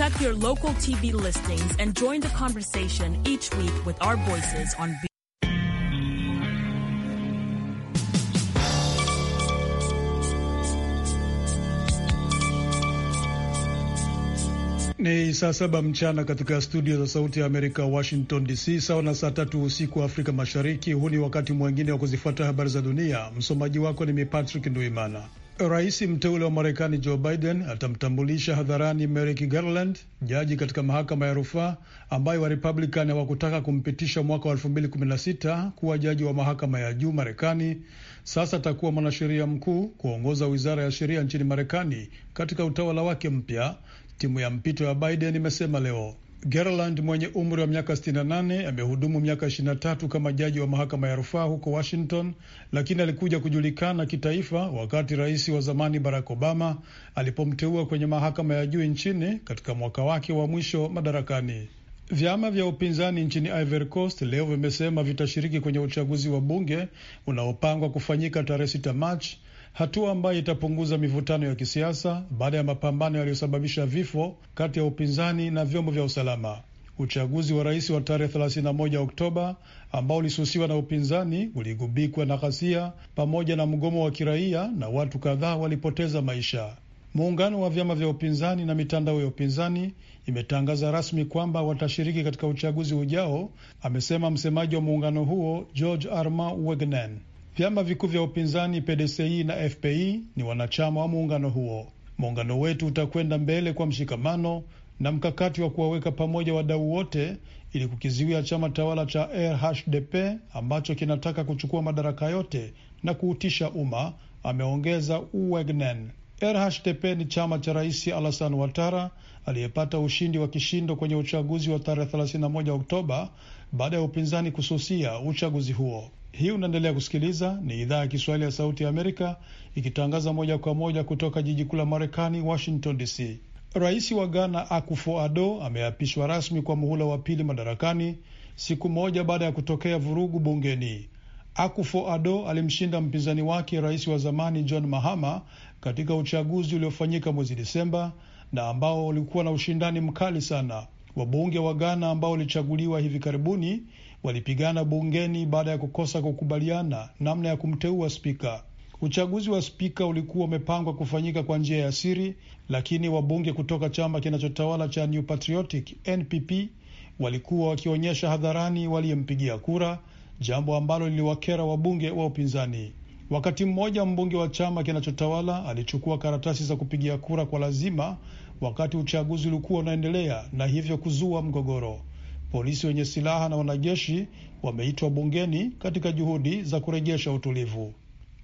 Check your local TV listings and join the conversation each week with our voices on B- Ni saa saba mchana katika studio za Sauti ya Amerika, Washington DC, sawa na saa tatu usiku wa Afrika Mashariki. Huu ni wakati mwingine wa kuzifuata habari za dunia. Msomaji wako ni mi Patrick Nduimana. Rais mteule wa Marekani Joe Biden atamtambulisha hadharani Merrick Garland, jaji katika mahakama ya rufaa ambayo Warepublican hawakutaka kumpitisha mwaka wa 2016 kuwa jaji wa mahakama ya juu Marekani. Sasa atakuwa mwanasheria mkuu kuongoza wizara ya sheria nchini Marekani katika utawala wake mpya, timu ya mpito ya Biden imesema leo. Garland mwenye umri wa miaka 68 amehudumu miaka 23 kama jaji wa mahakama ya rufaa huko Washington, lakini alikuja kujulikana kitaifa wakati rais wa zamani Barack Obama alipomteua kwenye mahakama ya juu nchini katika mwaka wake wa mwisho madarakani. Vyama vya upinzani nchini Ivory Coast leo vimesema vitashiriki kwenye uchaguzi wa bunge unaopangwa kufanyika tarehe 6 Machi hatua ambayo itapunguza mivutano ya kisiasa baada ya mapambano yaliyosababisha vifo kati ya upinzani na vyombo vya usalama. Uchaguzi wa rais wa tarehe 31 Oktoba ambao ulisusiwa na upinzani uligubikwa na ghasia pamoja na mgomo wa kiraia na watu kadhaa walipoteza maisha. Muungano wa vyama vya upinzani na mitandao ya upinzani imetangaza rasmi kwamba watashiriki katika uchaguzi ujao, amesema msemaji wa muungano huo George Arma Wegnen. Vyama vikuu vya upinzani PDCI na FPI ni wanachama wa muungano huo. Muungano wetu utakwenda mbele kwa mshikamano na mkakati wa kuwaweka pamoja wadau wote ili kukiziwia chama tawala cha RHDP ambacho kinataka kuchukua madaraka yote na kuutisha umma, ameongeza Uwegnen. RHDP ni chama cha Rais Alassane Ouattara aliyepata ushindi wa kishindo kwenye uchaguzi wa tarehe 31 Oktoba baada ya upinzani kususia uchaguzi huo. Hii unaendelea kusikiliza, ni idhaa ya Kiswahili ya Sauti ya Amerika ikitangaza moja kwa moja kutoka jiji kuu la Marekani, Washington DC. Rais wa Ghana Akufo ado ameapishwa rasmi kwa muhula wa pili madarakani siku moja baada ya kutokea vurugu bungeni. Akufo ado alimshinda mpinzani wake rais wa zamani John Mahama katika uchaguzi uliofanyika mwezi Disemba na ambao ulikuwa na ushindani mkali sana. Wabunge wa Ghana ambao walichaguliwa hivi karibuni walipigana bungeni baada ya kukosa kukubaliana namna ya kumteua spika. Uchaguzi wa spika ulikuwa umepangwa kufanyika kwa njia ya siri, lakini wabunge kutoka chama kinachotawala cha New Patriotic NPP walikuwa wakionyesha hadharani waliyempigia kura, jambo ambalo liliwakera wabunge wa upinzani. Wakati mmoja mbunge wa chama kinachotawala alichukua karatasi za kupigia kura kwa lazima wakati uchaguzi ulikuwa unaendelea na hivyo kuzua mgogoro. Polisi wenye silaha na wanajeshi wameitwa bungeni katika juhudi za kurejesha utulivu.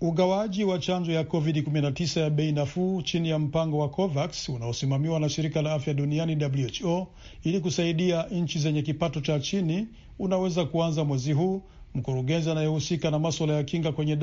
Ugawaji wa chanjo ya COVID-19 ya bei nafuu chini ya mpango wa COVAX unaosimamiwa na shirika la afya duniani WHO ili kusaidia nchi zenye kipato cha chini unaweza kuanza mwezi huu. Mkurugenzi anayehusika na, maswala ya kinga kwenye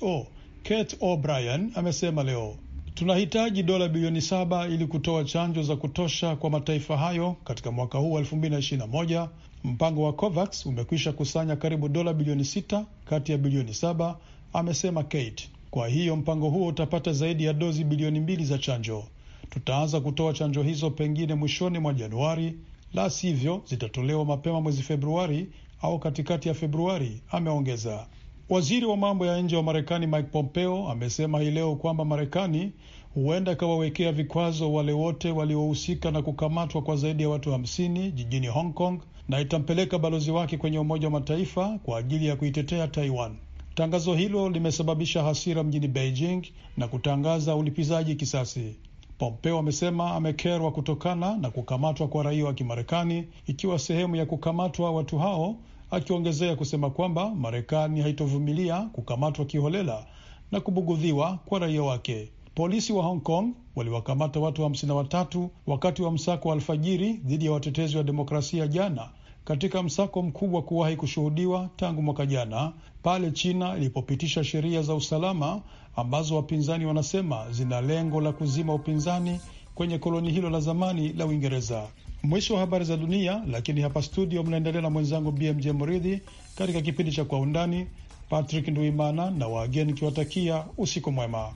WHO Kate O'Brien amesema leo Tunahitaji dola bilioni saba ili kutoa chanjo za kutosha kwa mataifa hayo katika mwaka huu wa 2021. Mpango wa COVAX umekwisha kusanya karibu dola bilioni sita kati ya bilioni saba, amesema Kate. Kwa hiyo mpango huo utapata zaidi ya dozi bilioni mbili za chanjo. Tutaanza kutoa chanjo hizo pengine mwishoni mwa Januari, la sivyo zitatolewa mapema mwezi Februari au katikati ya Februari, ameongeza. Waziri wa mambo ya nje wa Marekani Mike Pompeo amesema hii leo kwamba Marekani huenda ikawawekea vikwazo wale wote waliohusika na kukamatwa kwa zaidi ya watu hamsini jijini Hong Kong na itampeleka balozi wake kwenye Umoja wa Mataifa kwa ajili ya kuitetea Taiwan. Tangazo hilo limesababisha hasira mjini Beijing na kutangaza ulipizaji kisasi. Pompeo amesema amekerwa kutokana na kukamatwa kwa raia wa Kimarekani, ikiwa sehemu ya kukamatwa watu hao akiongezea kusema kwamba Marekani haitovumilia kukamatwa kiholela na kubugudhiwa kwa raia wake. Polisi wa Hong Kong waliwakamata watu hamsini na watatu wakati wa msako wa alfajiri dhidi ya watetezi wa demokrasia jana katika msako mkubwa kuwahi kushuhudiwa tangu mwaka jana pale China ilipopitisha sheria za usalama ambazo wapinzani wanasema zina lengo la kuzima upinzani kwenye koloni hilo la zamani la Uingereza. Mwisho wa habari za dunia, lakini hapa studio mnaendelea na mwenzangu BMJ Mridhi katika kipindi cha Kwa Undani. Patrick Nduimana na wageni kiwatakia usiku mwema.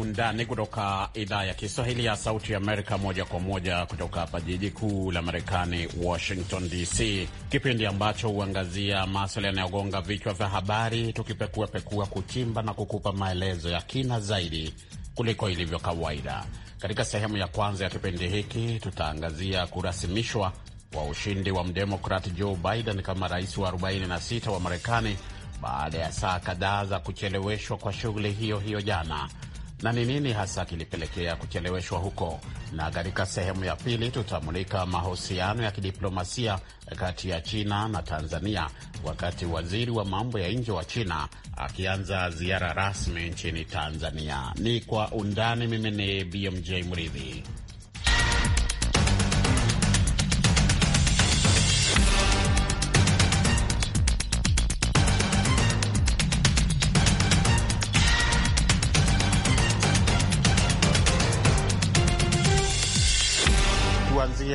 undani kutoka idhaa ya Kiswahili ya Sauti Amerika, moja kwa moja kutoka hapa jiji kuu la Marekani, Washington DC, kipindi ambacho huangazia maswala yanayogonga vichwa vya habari, tukipekuapekua, kuchimba na kukupa maelezo ya kina zaidi kuliko ilivyo kawaida. Katika sehemu ya kwanza ya kipindi hiki tutaangazia kurasimishwa kwa ushindi wa mdemokrat Joe Biden kama rais wa 46 wa Marekani baada ya saa kadhaa za kucheleweshwa kwa shughuli hiyo hiyo jana na ni nini hasa kilipelekea kucheleweshwa huko, na katika sehemu ya pili tutamulika mahusiano ya kidiplomasia kati ya China na Tanzania, wakati waziri wa mambo ya nje wa China akianza ziara rasmi nchini Tanzania. Ni kwa undani. Mimi ni BMJ Mridhi.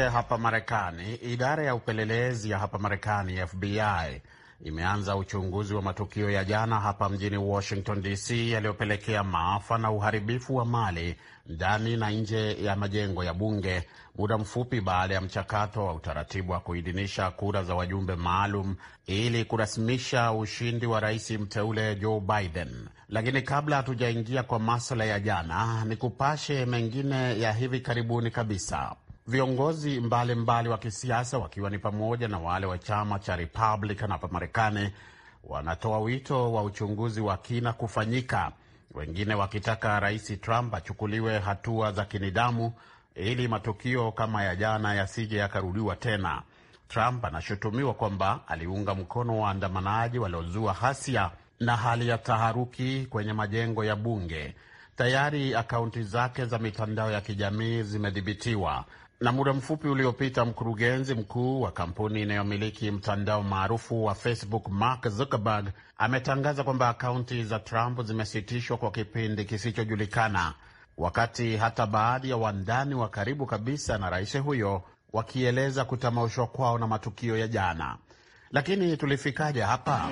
hapa Marekani, idara ya upelelezi ya hapa Marekani, FBI, imeanza uchunguzi wa matukio ya jana hapa mjini Washington DC yaliyopelekea maafa na uharibifu wa mali ndani na nje ya majengo ya bunge, muda mfupi baada ya mchakato wa utaratibu wa kuidhinisha kura za wajumbe maalum ili kurasimisha ushindi wa rais mteule Joe Biden. Lakini kabla hatujaingia kwa maswala ya jana, ni kupashe mengine ya hivi karibuni kabisa. Viongozi mbalimbali wa kisiasa wakiwa ni pamoja na wale wa chama cha Republican hapa Marekani wanatoa wito wa uchunguzi wa kina kufanyika, wengine wakitaka Rais Trump achukuliwe hatua za kinidamu ili matukio kama ya jana yasije yakarudiwa tena. Trump anashutumiwa kwamba aliunga mkono waandamanaji waliozua hasia na hali ya taharuki kwenye majengo ya bunge. Tayari akaunti zake za mitandao ya kijamii zimedhibitiwa. Na muda mfupi uliopita mkurugenzi mkuu wa kampuni inayomiliki mtandao maarufu wa Facebook Mark Zuckerberg ametangaza kwamba akaunti za Trump zimesitishwa kwa kipindi kisichojulikana, wakati hata baadhi ya wandani wa karibu kabisa na rais huyo wakieleza kutamaushwa kwao na matukio ya jana. Lakini tulifikaje hapa?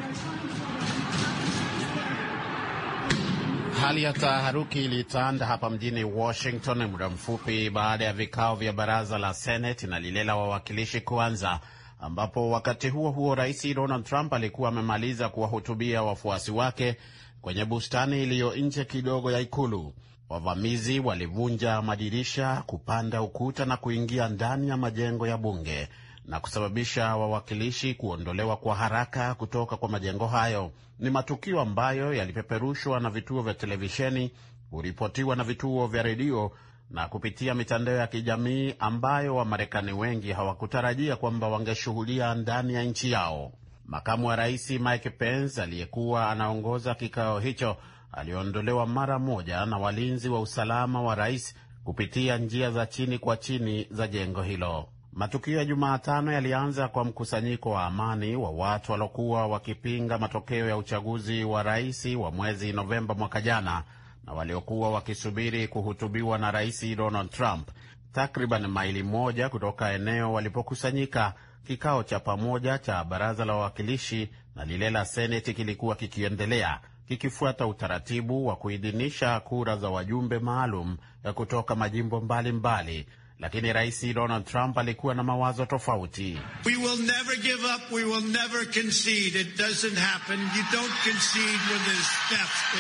Hali ya taharuki ilitanda hapa mjini Washington muda mfupi baada ya vikao vya baraza la Seneti na lile la wawakilishi kuanza, ambapo wakati huo huo Rais Donald Trump alikuwa amemaliza kuwahutubia wafuasi wake kwenye bustani iliyo nje kidogo ya Ikulu. Wavamizi walivunja madirisha, kupanda ukuta na kuingia ndani ya majengo ya bunge na kusababisha wawakilishi kuondolewa kwa haraka kutoka kwa majengo hayo. Ni matukio ambayo yalipeperushwa na vituo vya televisheni, kuripotiwa na vituo vya redio na kupitia mitandao ya kijamii ambayo Wamarekani wengi hawakutarajia kwamba wangeshuhudia ndani ya nchi yao. Makamu wa rais Mike Pence aliyekuwa anaongoza kikao hicho aliondolewa mara moja na walinzi wa usalama wa rais kupitia njia za chini kwa chini za jengo hilo. Matukio ya Jumatano yalianza kwa mkusanyiko wa amani wa watu waliokuwa wakipinga matokeo ya uchaguzi wa rais wa mwezi Novemba mwaka jana na waliokuwa wakisubiri kuhutubiwa na Rais Donald Trump takriban maili moja kutoka eneo walipokusanyika. Kikao cha pamoja cha baraza la wawakilishi na lile la seneti kilikuwa kikiendelea kikifuata utaratibu wa kuidhinisha kura za wajumbe maalum kutoka majimbo mbalimbali mbali lakini Rais Donald Trump alikuwa na mawazo tofauti.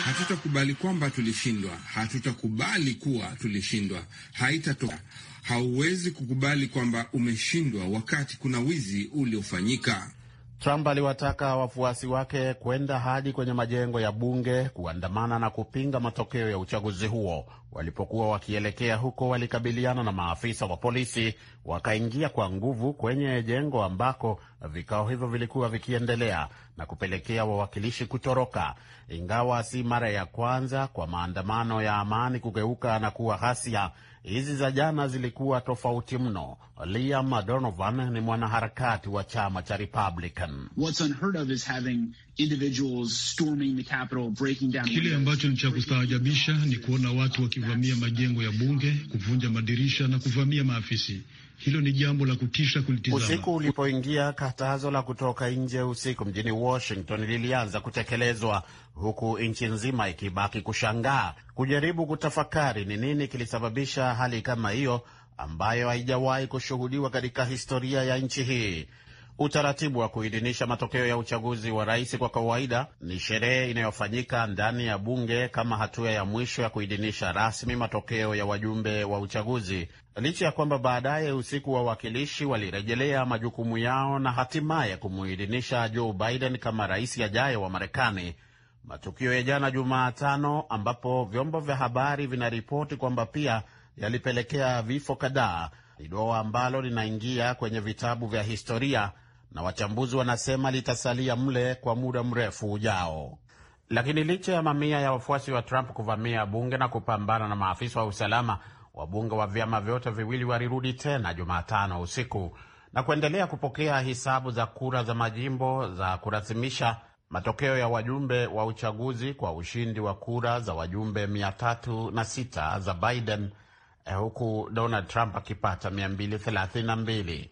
Hatutakubali kwamba tulishindwa, hatutakubali kuwa tulishindwa, haitatoka. Hauwezi kukubali kwamba umeshindwa wakati kuna wizi uliofanyika. Trump aliwataka wafuasi wake kwenda hadi kwenye majengo ya bunge kuandamana na kupinga matokeo ya uchaguzi huo. Walipokuwa wakielekea huko, walikabiliana na maafisa wa polisi, wakaingia kwa nguvu kwenye jengo ambako vikao hivyo vilikuwa vikiendelea na kupelekea wawakilishi kutoroka. Ingawa si mara ya kwanza kwa maandamano ya amani kugeuka na kuwa ghasia, Hizi za jana zilikuwa tofauti mno. Liam Donovan ni mwanaharakati wa chama cha Republican. Kile ambacho ni cha kustaajabisha ni kuona watu wakivamia majengo ya bunge, kuvunja madirisha na kuvamia maafisi hilo ni jambo la kutisha kulitizama. Usiku ulipoingia, katazo la kutoka nje usiku mjini Washington lilianza kutekelezwa huku nchi nzima ikibaki kushangaa, kujaribu kutafakari ni nini kilisababisha hali kama hiyo ambayo haijawahi kushuhudiwa katika historia ya nchi hii. Utaratibu wa kuidhinisha matokeo ya uchaguzi wa rais kwa kawaida ni sherehe inayofanyika ndani ya bunge kama hatua ya mwisho ya kuidhinisha rasmi matokeo ya wajumbe wa uchaguzi, licha ya kwamba baadaye usiku wa wawakilishi walirejelea majukumu yao na hatimaye kumuidhinisha Joe Biden kama rais ajaye wa Marekani. Matukio ya jana Jumatano, ambapo vyombo vya habari vinaripoti kwamba pia yalipelekea vifo kadhaa, ni doa ambalo linaingia kwenye vitabu vya historia na wachambuzi wanasema litasalia mle kwa muda mrefu ujao. Lakini licha ya mamia ya wafuasi wa Trump kuvamia bunge na kupambana na maafisa wa usalama, wabunge wa vyama vyote viwili walirudi tena Jumatano usiku na kuendelea kupokea hisabu za kura za majimbo za kurasimisha matokeo ya wajumbe wa uchaguzi kwa ushindi wa kura za wajumbe 306 za Biden, eh, huku Donald Trump akipata 232.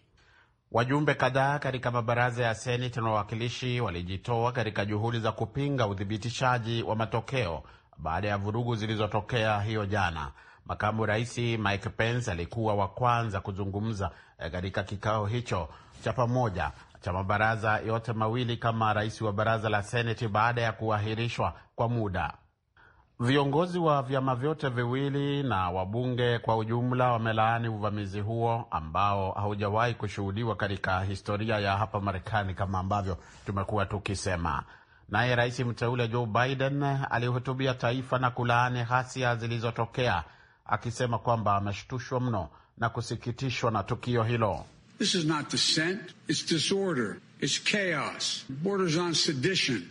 Wajumbe kadhaa katika mabaraza ya seneti na wawakilishi walijitoa katika juhudi za kupinga uthibitishaji wa matokeo baada ya vurugu zilizotokea hiyo jana. Makamu Rais Mike Pence alikuwa wa kwanza kuzungumza eh, katika kikao hicho cha pamoja cha mabaraza yote mawili kama rais wa baraza la seneti baada ya kuahirishwa kwa muda. Viongozi wa vyama vyote viwili na wabunge kwa ujumla wamelaani uvamizi huo ambao haujawahi kushuhudiwa katika historia ya hapa Marekani kama ambavyo tumekuwa tukisema. Naye rais mteule Joe Biden alihutubia taifa na kulaani ghasia zilizotokea akisema kwamba ameshtushwa mno na kusikitishwa na tukio hilo. This is not dissent, it's disorder.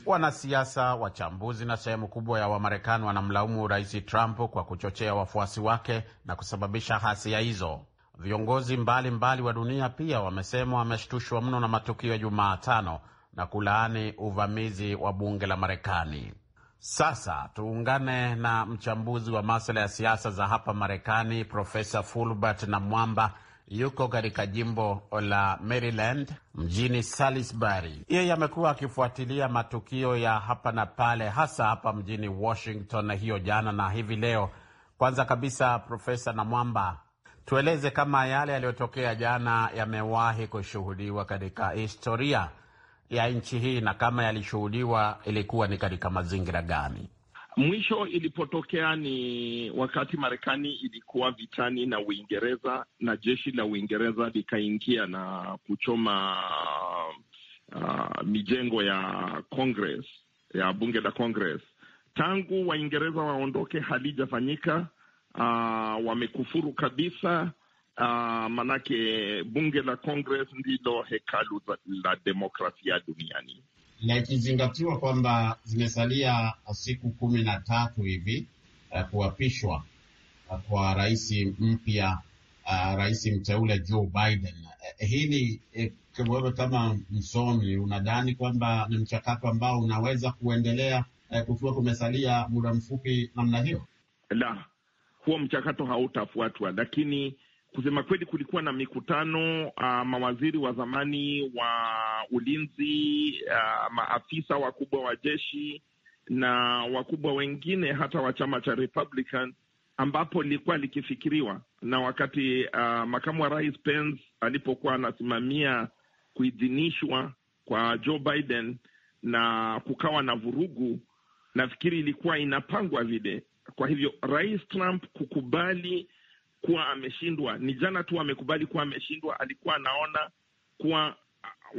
Wanasiasa, wachambuzi na sehemu kubwa ya Wamarekani wanamlaumu Rais Trump kwa kuchochea wafuasi wake na kusababisha hasia hizo. Viongozi mbalimbali mbali wa dunia pia wamesema wameshtushwa mno na matukio ya Jumatano na kulaani uvamizi wa bunge la Marekani. Sasa tuungane na mchambuzi wa masuala ya siasa za hapa Marekani, Profesa Fulbert na Mwamba yuko katika jimbo la Maryland mjini Salisbury. Yeye amekuwa akifuatilia matukio ya hapa na pale, hasa hapa mjini Washington hiyo jana na hivi leo. Kwanza kabisa, Profesa Namwamba, tueleze kama yale yaliyotokea jana yamewahi kushuhudiwa katika historia ya nchi hii, na kama yalishuhudiwa ilikuwa ni katika mazingira gani? Mwisho ilipotokea ni wakati Marekani ilikuwa vitani na Uingereza na jeshi la Uingereza likaingia na kuchoma uh, mijengo ya Congress, ya bunge la Congress. Tangu Waingereza waondoke halijafanyika. Uh, wamekufuru kabisa. Uh, manake bunge la Congress ndilo hekalu la demokrasia duniani na ikizingatiwa kwamba zimesalia siku kumi na tatu hivi uh, kuapishwa uh, kwa rais mpya uh, rais mteule Joe Biden uh, hili uh, wewe kama msomi unadhani kwamba ni mchakato ambao unaweza kuendelea uh, kukiwa kumesalia muda mfupi namna hiyo? La, huo mchakato hautafuatwa, lakini Kusema kweli, kulikuwa na mikutano uh, mawaziri wa zamani wa ulinzi uh, maafisa wakubwa wa jeshi na wakubwa wengine hata wa chama cha Republican ambapo lilikuwa likifikiriwa na wakati uh, makamu wa rais Pence alipokuwa anasimamia kuidhinishwa kwa Joe Biden na kukawa na vurugu, nafikiri ilikuwa inapangwa vile. Kwa hivyo rais Trump kukubali kuwa ameshindwa. Ni jana tu amekubali kuwa ameshindwa, alikuwa anaona kuwa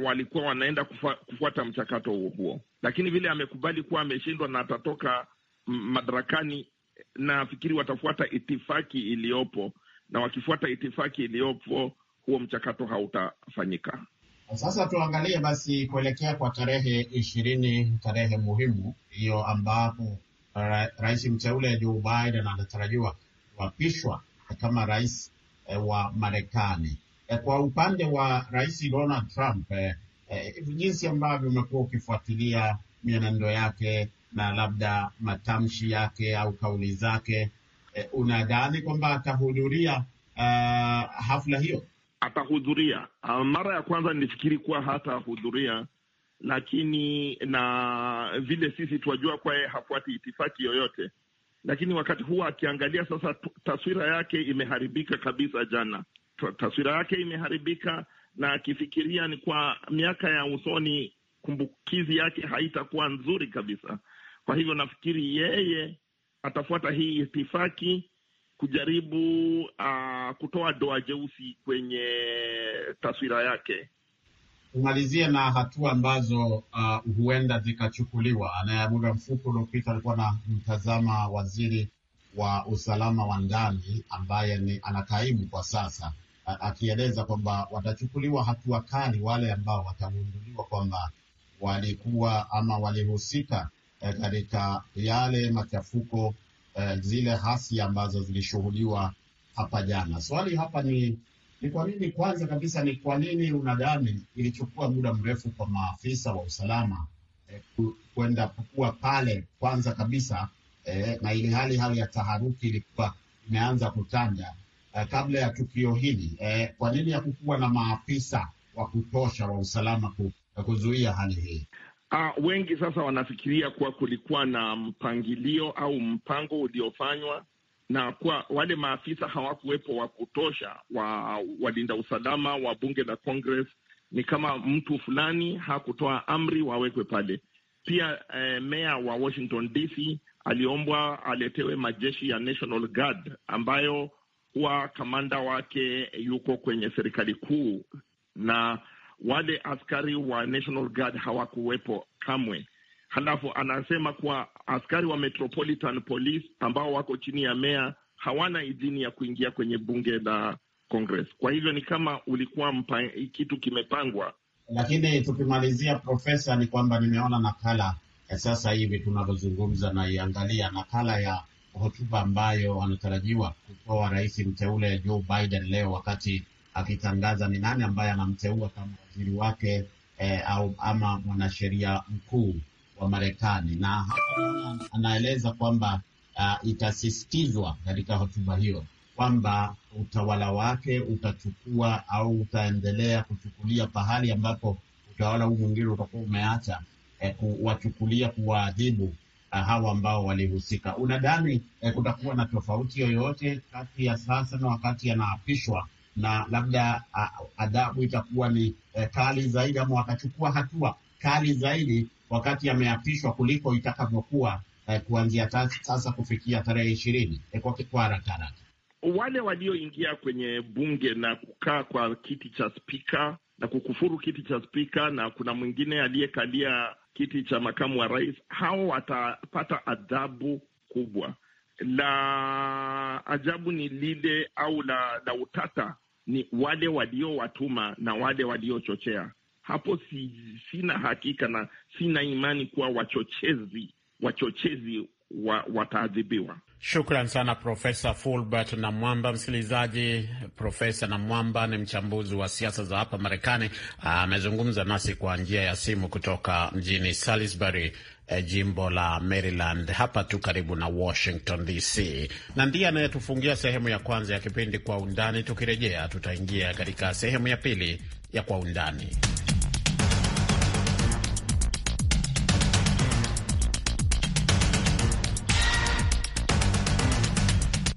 walikuwa wanaenda kufa, kufuata mchakato huo huo, lakini vile amekubali kuwa ameshindwa na atatoka madarakani, nafikiri watafuata itifaki iliyopo, na wakifuata itifaki iliyopo huo mchakato hautafanyika. Sasa tuangalie basi kuelekea kwa tarehe ishirini, tarehe muhimu hiyo ambapo ra rais mteule Joe Biden anatarajiwa kuapishwa kama rais e, wa Marekani. E, kwa upande wa Rais Donald Trump e, e, jinsi ambavyo umekuwa ukifuatilia mienendo yake na labda matamshi yake au kauli zake e, unadhani kwamba atahudhuria uh, hafla hiyo? Atahudhuria. Ah, mara ya kwanza nilifikiri kuwa hatahudhuria, lakini na vile sisi tunajua kwaye hafuati itifaki yoyote lakini wakati huo akiangalia sasa, taswira yake imeharibika kabisa. Jana taswira yake imeharibika, na akifikiria ni kwa miaka ya usoni, kumbukizi yake haitakuwa nzuri kabisa. Kwa hivyo nafikiri yeye atafuata hii itifaki kujaribu uh, kutoa doa jeusi kwenye taswira yake tumalizie na hatua ambazo uh, huenda zikachukuliwa. Anaye muda mfupi uliopita alikuwa na mtazama waziri wa usalama wa ndani ambaye ni anakaimu kwa sasa, uh, akieleza kwamba watachukuliwa hatua kali wale ambao watagunduliwa kwamba walikuwa ama walihusika uh, katika e, yale machafuko e, zile hasi ambazo zilishuhudiwa hapa jana. Swali hapa ni ni kwa nini, kwanza kabisa, ni kwa nini unadhani ilichukua muda mrefu kwa maafisa wa usalama eh, kwenda kuwa pale kwanza kabisa eh, na ili hali hali ya taharuki ilikuwa imeanza kutanda eh, kabla ya tukio hili eh, kwa nini hakukuwa na maafisa wa kutosha wa usalama kuzuia hali hii? Uh, wengi sasa wanafikiria kuwa kulikuwa na mpangilio au mpango uliofanywa na kwa wale maafisa hawakuwepo wa kutosha wa walinda usalama wa bunge la Congress. Ni kama mtu fulani hakutoa amri wawekwe pale. Pia eh, meya wa Washington DC aliombwa aletewe majeshi ya National Guard ambayo huwa kamanda wake yuko kwenye serikali kuu, na wale askari wa National Guard hawakuwepo kamwe. Halafu anasema kuwa askari wa Metropolitan Police ambao wako chini ya meya hawana idhini ya kuingia kwenye bunge la Congress. Kwa hivyo ni kama ulikuwa mpa, kitu kimepangwa. Lakini tukimalizia, Profesa, ni kwamba nimeona nakala sasa hivi tunavyozungumza, naiangalia nakala ya hotuba ambayo wanatarajiwa kutoa rais mteule Joe Biden leo wakati akitangaza ni nani ambaye anamteua kama waziri wake eh, au ama mwanasheria mkuu wa Marekani, na hapa anaeleza kwamba uh, itasisitizwa katika hotuba hiyo kwamba utawala wake utachukua au utaendelea kuchukulia pahali ambapo utawala huu mwingine utakuwa umeacha eh, kuwachukulia kuwaadhibu uh, hawa ambao walihusika. Unadhani eh, kutakuwa na tofauti yoyote kati ya sasa na wakati anaapishwa na labda uh, adhabu itakuwa ni eh, kali zaidi ama wakachukua hatua kali zaidi wakati ameapishwa kuliko itakavyokuwa eh, kuanzia sasa kufikia tarehe ishirini eh, kwa haraka haraka wale walioingia kwenye bunge na kukaa kwa kiti cha spika na kukufuru kiti cha spika, na kuna mwingine aliyekalia kiti cha makamu wa rais, hao watapata adhabu kubwa. La ajabu ni lile au la, la utata ni wale waliowatuma na wale waliochochea hapo si, sina hakika na sina imani kuwa wachochezi wachochezi wa, wataadhibiwa. Shukran sana Profesa Fulbert na Mwamba. Msikilizaji, Profesa na Mwamba ni mchambuzi wa siasa za hapa Marekani, amezungumza nasi kwa njia ya simu kutoka mjini Salisbury, E, jimbo la Maryland, hapa tu karibu na Washington DC, na ndiye anayetufungia sehemu ya kwanza ya kipindi Kwa Undani. Tukirejea tutaingia katika sehemu ya pili ya Kwa Undani.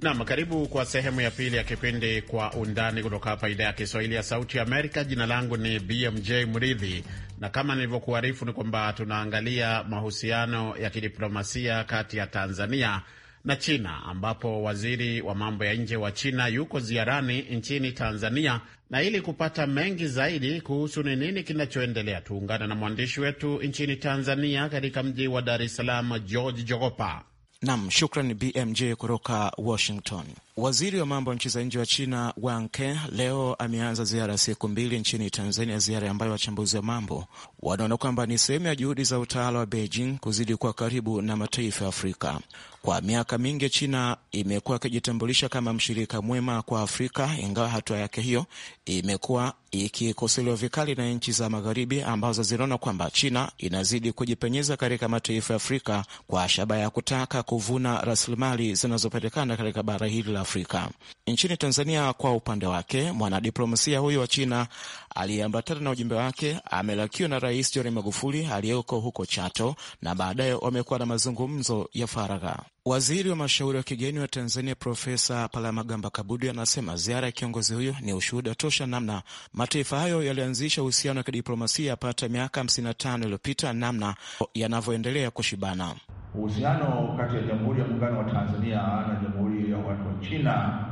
Nam, karibu kwa sehemu ya pili ya kipindi Kwa Undani kutoka hapa idhaa ya Kiswahili ya Sauti Amerika. Jina langu ni BMJ Mridhi, na kama nilivyokuarifu ni kwamba tunaangalia mahusiano ya kidiplomasia kati ya Tanzania na China, ambapo waziri wa mambo ya nje wa China yuko ziarani nchini Tanzania. Na ili kupata mengi zaidi kuhusu ni nini kinachoendelea, tuungana na mwandishi wetu nchini Tanzania, katika mji wa Dar es Salaam, George Jogopa. Nam, shukran BMJ kutoka Washington. Waziri wa mambo ya nchi za nje wa China Wang Ke leo ameanza ziara ya siku mbili nchini Tanzania, ziara ambayo wachambuzi wa mambo wanaona kwamba ni sehemu ya juhudi za utawala wa Beijing kuzidi kuwa karibu na mataifa ya Afrika. Kwa miaka mingi, China imekuwa ikijitambulisha kama mshirika mwema kwa Afrika, ingawa hatua yake hiyo imekuwa ikikosolewa vikali na nchi za Magharibi ambazo zinaona kwamba China inazidi kujipenyeza katika mataifa ya Afrika kwa shabaha ya kutaka kuvuna rasilimali zinazopatikana katika bara hili la Afrika. Nchini Tanzania, kwa upande wake, mwanadiplomasia huyo wa China aliyeambatana na ujumbe wake amelakiwa na Rais John Magufuli aliyeko huko Chato, na baadaye wamekuwa na mazungumzo ya faragha. Waziri wa mashauri wa kigeni wa Tanzania Profesa Palamagamba Kabudi anasema ziara ya kiongozi huyo ni ushuhuda tosha namna mataifa hayo yalianzisha uhusiano wa kidiplomasia yapata miaka 55 iliyopita, namna yanavyoendelea kushibana uhusiano kati ya Jamhuri ya Muungano wa Tanzania na Jamhuri ya watu wa China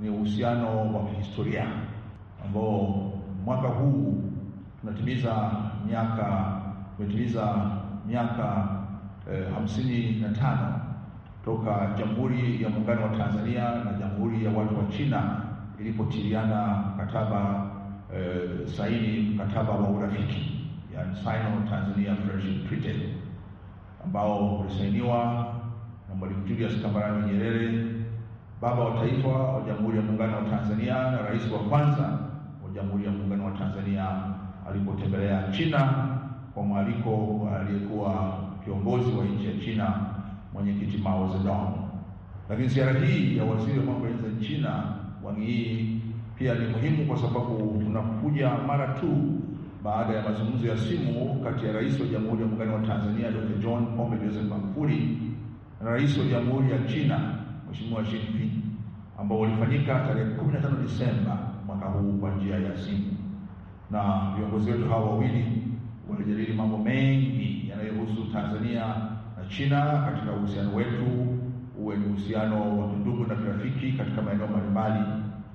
ni uhusiano wa kihistoria ambao mwaka huu tunatimiza miaka tumetimiza miaka eh, hamsini na tano toka Jamhuri ya Muungano wa Tanzania na Jamhuri ya Watu wa China ilipotiliana mkataba e, saini mkataba wa urafiki yani Sino Tanzania Friendship Treaty ambao ulisainiwa na Mwalimu Julius Kambarage Nyerere baba wa taifa wa Jamhuri ya Muungano wa Tanzania na rais wa kwanza wa Jamhuri ya Muungano wa Tanzania alipotembelea China kwa mwaliko wa aliyekuwa kiongozi wa nchi ya China mwenyekiti Mao Zedong. Lakini ziara hii ya waziri wa mambo ya nje China Wang Yi pia ni muhimu kwa sababu tunakuja mara tu baada ya mazungumzo ya simu kati ya rais wa Jamhuri ya Muungano wa Tanzania Dr. John Pombe Joseph Magufuli na rais wa Jamhuri ya China Mheshimiwa Jean ambao ulifanyika tarehe 15 Disemba mwaka huu kwa njia ya simu, na viongozi wetu hawa wawili walijadili mambo mengi yanayohusu Tanzania na China katika uhusiano wetu uwe ni uhusiano wa ndugu na kirafiki katika maeneo mbalimbali,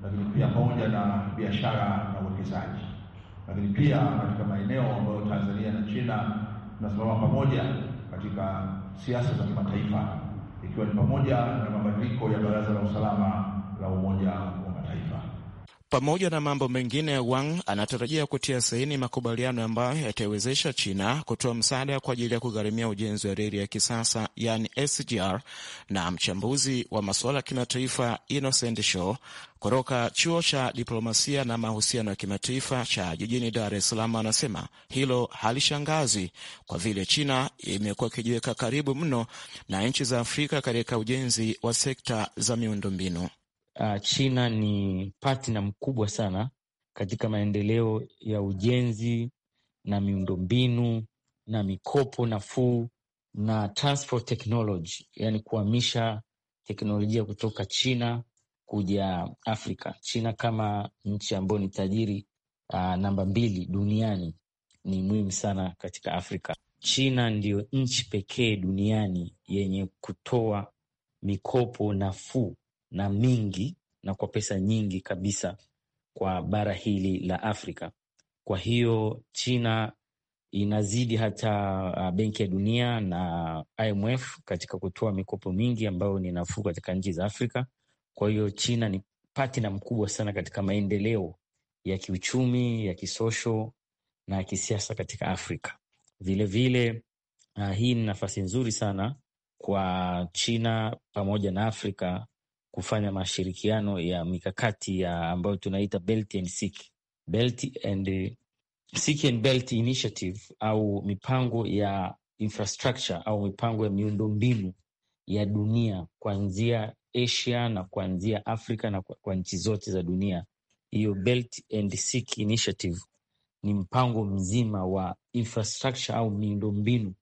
lakini pia pamoja na biashara na uwekezaji, lakini pia katika maeneo ambayo Tanzania na China tunasimama pamoja katika siasa za kimataifa ikiwa ni pamoja na mabadiliko ya Baraza la Usalama la Umoja pamoja na mambo mengine, Wang anatarajia kutia saini makubaliano ambayo yataiwezesha China kutoa msaada kwa ajili ya kugharimia ujenzi wa reli ya kisasa yani SGR. Na mchambuzi wa masuala ya kimataifa Innocent Show kutoka chuo cha diplomasia na mahusiano ya kimataifa cha jijini Dar es Salaam anasema hilo halishangazi kwa vile China imekuwa ikijiweka karibu mno na nchi za Afrika katika ujenzi wa sekta za miundombinu uh, China ni partner mkubwa sana katika maendeleo ya ujenzi na miundombinu na mikopo nafuu na transfer technology, yani kuhamisha teknolojia kutoka China kuja Afrika. China kama nchi ambayo ni tajiri uh, namba mbili duniani ni muhimu sana katika Afrika. China ndiyo nchi pekee duniani yenye kutoa mikopo nafuu na mingi na kwa pesa nyingi kabisa kwa bara hili la Afrika. Kwa hiyo China inazidi hata ah, Benki ya Dunia na IMF katika kutoa mikopo mingi ambayo ni nafuu katika nchi za Afrika. Kwa hiyo China ni partner mkubwa sana katika maendeleo ya kiuchumi, ya kisosho na ya kisiasa katika Afrika vilevile vile. Uh, hii ni nafasi nzuri sana kwa China pamoja na Afrika kufanya mashirikiano ya mikakati ya ambayo tunaita Belt and Seek, Belt and Seek and Belt Initiative au mipango ya infrastructure au mipango ya miundombinu ya dunia kuanzia Asia na kuanzia Afrika na kwa, kwa nchi zote za dunia. Hiyo Belt and Seek Initiative ni mpango mzima wa infrastructure au miundombinu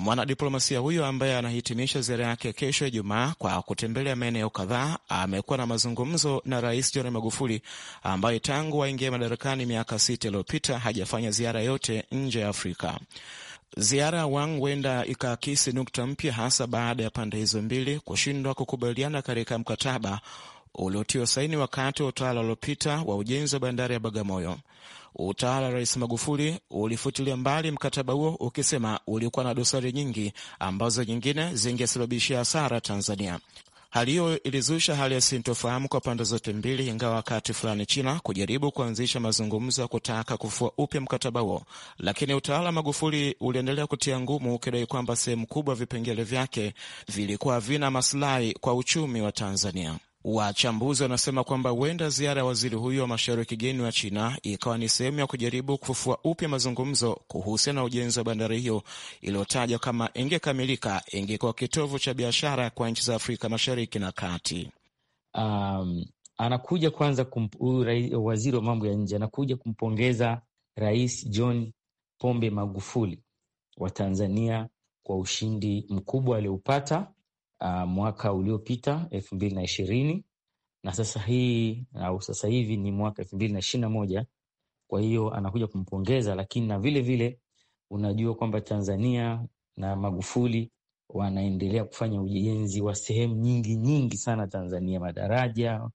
Mwanadiplomasia huyo ambaye anahitimisha ziara yake kesho Ijumaa kwa kutembelea maeneo kadhaa amekuwa na mazungumzo na Rais John Magufuli ambaye tangu waingia madarakani miaka sita iliyopita hajafanya ziara yote nje ya Afrika. Ziara ya Wang huenda ikaakisi nukta mpya, hasa baada ya pande hizo mbili kushindwa kukubaliana katika mkataba uliotiwa saini wakati wa utawala uliopita wa ujenzi wa bandari ya Bagamoyo. Utawala wa Rais Magufuli ulifutilia mbali mkataba huo ukisema ulikuwa na dosari nyingi ambazo nyingine zingesababishia hasara Tanzania. Hali hiyo ilizusha hali ya sintofahamu kwa pande zote mbili, ingawa wakati fulani China kujaribu kuanzisha mazungumzo ya kutaka kufua upya mkataba huo, lakini utawala wa Magufuli uliendelea kutia ngumu, ukidai kwamba sehemu kubwa vipengele vyake vilikuwa vina masilahi kwa uchumi wa Tanzania. Wachambuzi wanasema kwamba huenda ziara ya waziri huyo wa mashauri ya kigeni wa China ikawa ni sehemu ya kujaribu kufufua upya mazungumzo kuhusiana na ujenzi wa bandari hiyo iliyotajwa kama ingekamilika, ingekuwa kitovu cha biashara kwa nchi za Afrika Mashariki na Kati. Um, anakuja kwanza kumpu, waziri wa mambo ya nje anakuja kumpongeza Rais John Pombe Magufuli wa Tanzania kwa ushindi mkubwa alioupata uh, mwaka uliopita elfu mbili na ishirini na sasa hii au sasa hivi ni mwaka elfu mbili na ishirini na moja. Kwa hiyo anakuja kumpongeza, lakini na vile vile unajua kwamba Tanzania na Magufuli wanaendelea kufanya ujenzi wa sehemu nyingi nyingi sana Tanzania, madaraja,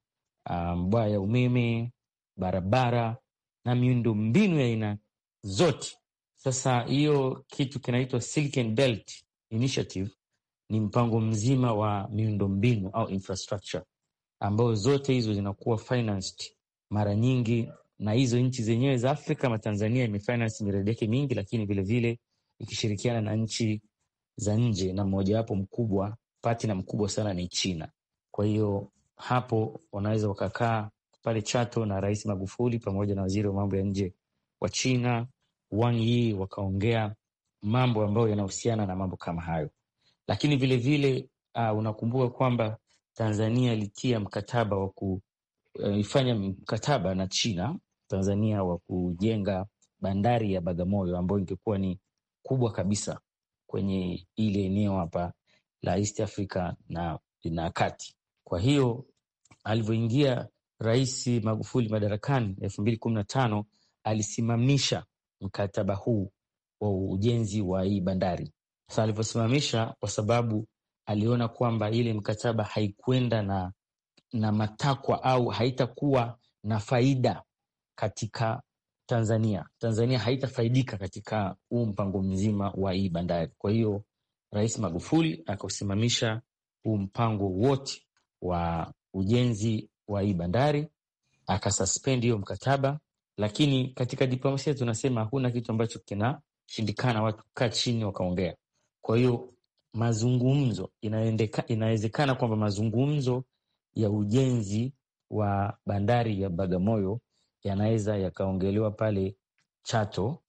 uh, mbwa ya umeme, barabara na miundo mbinu ya aina zote. Sasa hiyo kitu kinaitwa Belt Initiative ni mpango mzima wa miundombinu au infrastructure, ambayo zote hizo zinakuwa financed mara nyingi na hizo nchi zenyewe za Afrika kama Tanzania imefinance miradi yake mingi, lakini vilevile ikishirikiana na nchi za nje, na mmojawapo mkubwa partner mkubwa sana ni China. Kwa hiyo hapo wanaweza wakakaa pale Chato na Rais Magufuli pamoja na waziri wa mambo ya nje wa China Wang Yi, wakaongea mambo ambayo yanahusiana na mambo kama hayo. Lakini vilevile uh, unakumbuka kwamba Tanzania ilitia mkataba wa kuifanya uh, mkataba na China Tanzania wa kujenga bandari ya Bagamoyo ambayo ingekuwa ni kubwa kabisa kwenye ile eneo hapa la East Africa na, na kati. Kwa hiyo alivyoingia Rais Magufuli madarakani elfu mbili kumi na tano alisimamisha mkataba huu wa ujenzi wa hii bandari sasa alivyosimamisha, kwa sababu aliona kwamba ile mkataba haikwenda na, na matakwa au haitakuwa na faida katika Tanzania. Tanzania haitafaidika katika huu mpango mzima wa hii bandari. Kwa hiyo Rais Magufuli akausimamisha huu mpango wote wa ujenzi wa hii bandari, akasuspend hiyo mkataba. Lakini katika diplomasia tunasema hakuna kitu ambacho kinashindikana watu kukaa chini wakaongea. Kwa hiyo mazungumzo, inawezekana kwamba mazungumzo ya ujenzi wa bandari ya Bagamoyo yanaweza yakaongelewa pale Chato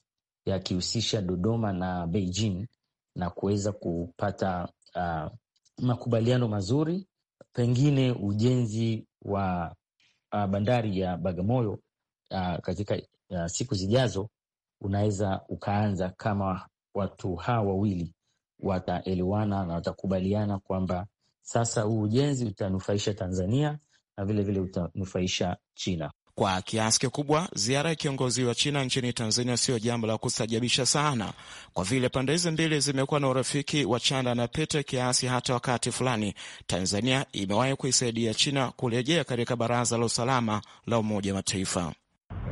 yakihusisha Dodoma na Beijing na kuweza kupata uh, makubaliano mazuri. Pengine ujenzi wa uh, bandari ya Bagamoyo uh, katika uh, siku zijazo unaweza ukaanza kama watu hawa wawili wataelewana na watakubaliana kwamba sasa huu ujenzi utanufaisha Tanzania na vilevile vile utanufaisha China kwa kiasi kikubwa. Ziara ya kiongozi wa China nchini Tanzania siyo jambo la kustajabisha sana, kwa vile pande hizi mbili zimekuwa na urafiki wa chanda na pete, kiasi hata wakati fulani Tanzania imewahi kuisaidia China kurejea katika Baraza la Usalama la Umoja wa Mataifa.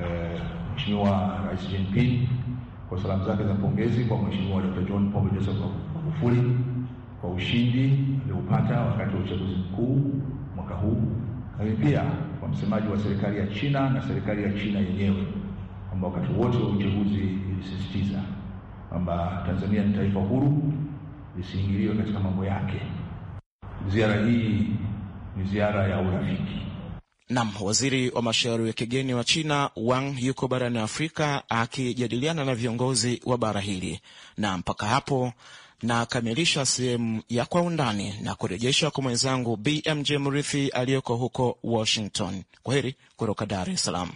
Eh, Mheshimiwa eh, Rais Jinping kwa salamu zake za pongezi kwa Mheshimiwa Dr. John Pombe Joseph Magufuli kwa ushindi alioupata wakati wa uchaguzi mkuu mwaka huu, lakini pia kwa msemaji wa serikali ya China na serikali ya China yenyewe kwamba wakati wote wa uchaguzi ilisisitiza kwamba Tanzania ni taifa huru lisiingiliwe katika mambo yake. Ziara hii ni ziara ya urafiki. Nam waziri wa mashauri ya kigeni wa China Wang yuko barani Afrika akijadiliana na viongozi wa bara hili, na mpaka hapo nakamilisha sehemu ya kwa undani na kurejesha kwa mwenzangu BMJ Murithi aliyoko huko Washington. Kwa heri kutoka Dar es Salaam.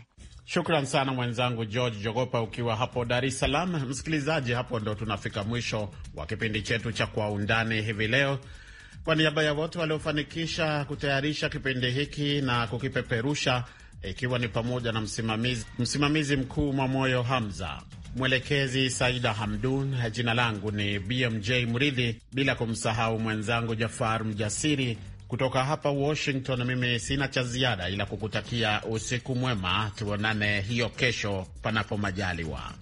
Shukran sana mwenzangu George Jogopa, ukiwa hapo Dar es Salaam. Msikilizaji, hapo ndo tunafika mwisho wa kipindi chetu cha Kwa Undani hivi leo. Kwa niaba ya wote waliofanikisha kutayarisha kipindi hiki na kukipeperusha, ikiwa ni pamoja na msimamizi, msimamizi mkuu Mwamoyo Hamza, mwelekezi Saida Hamdun. Jina langu ni BMJ Mridhi, bila kumsahau mwenzangu Jafar Mjasiri kutoka hapa Washington. Mimi sina cha ziada ila kukutakia usiku mwema, tuonane hiyo kesho, panapo majaliwa.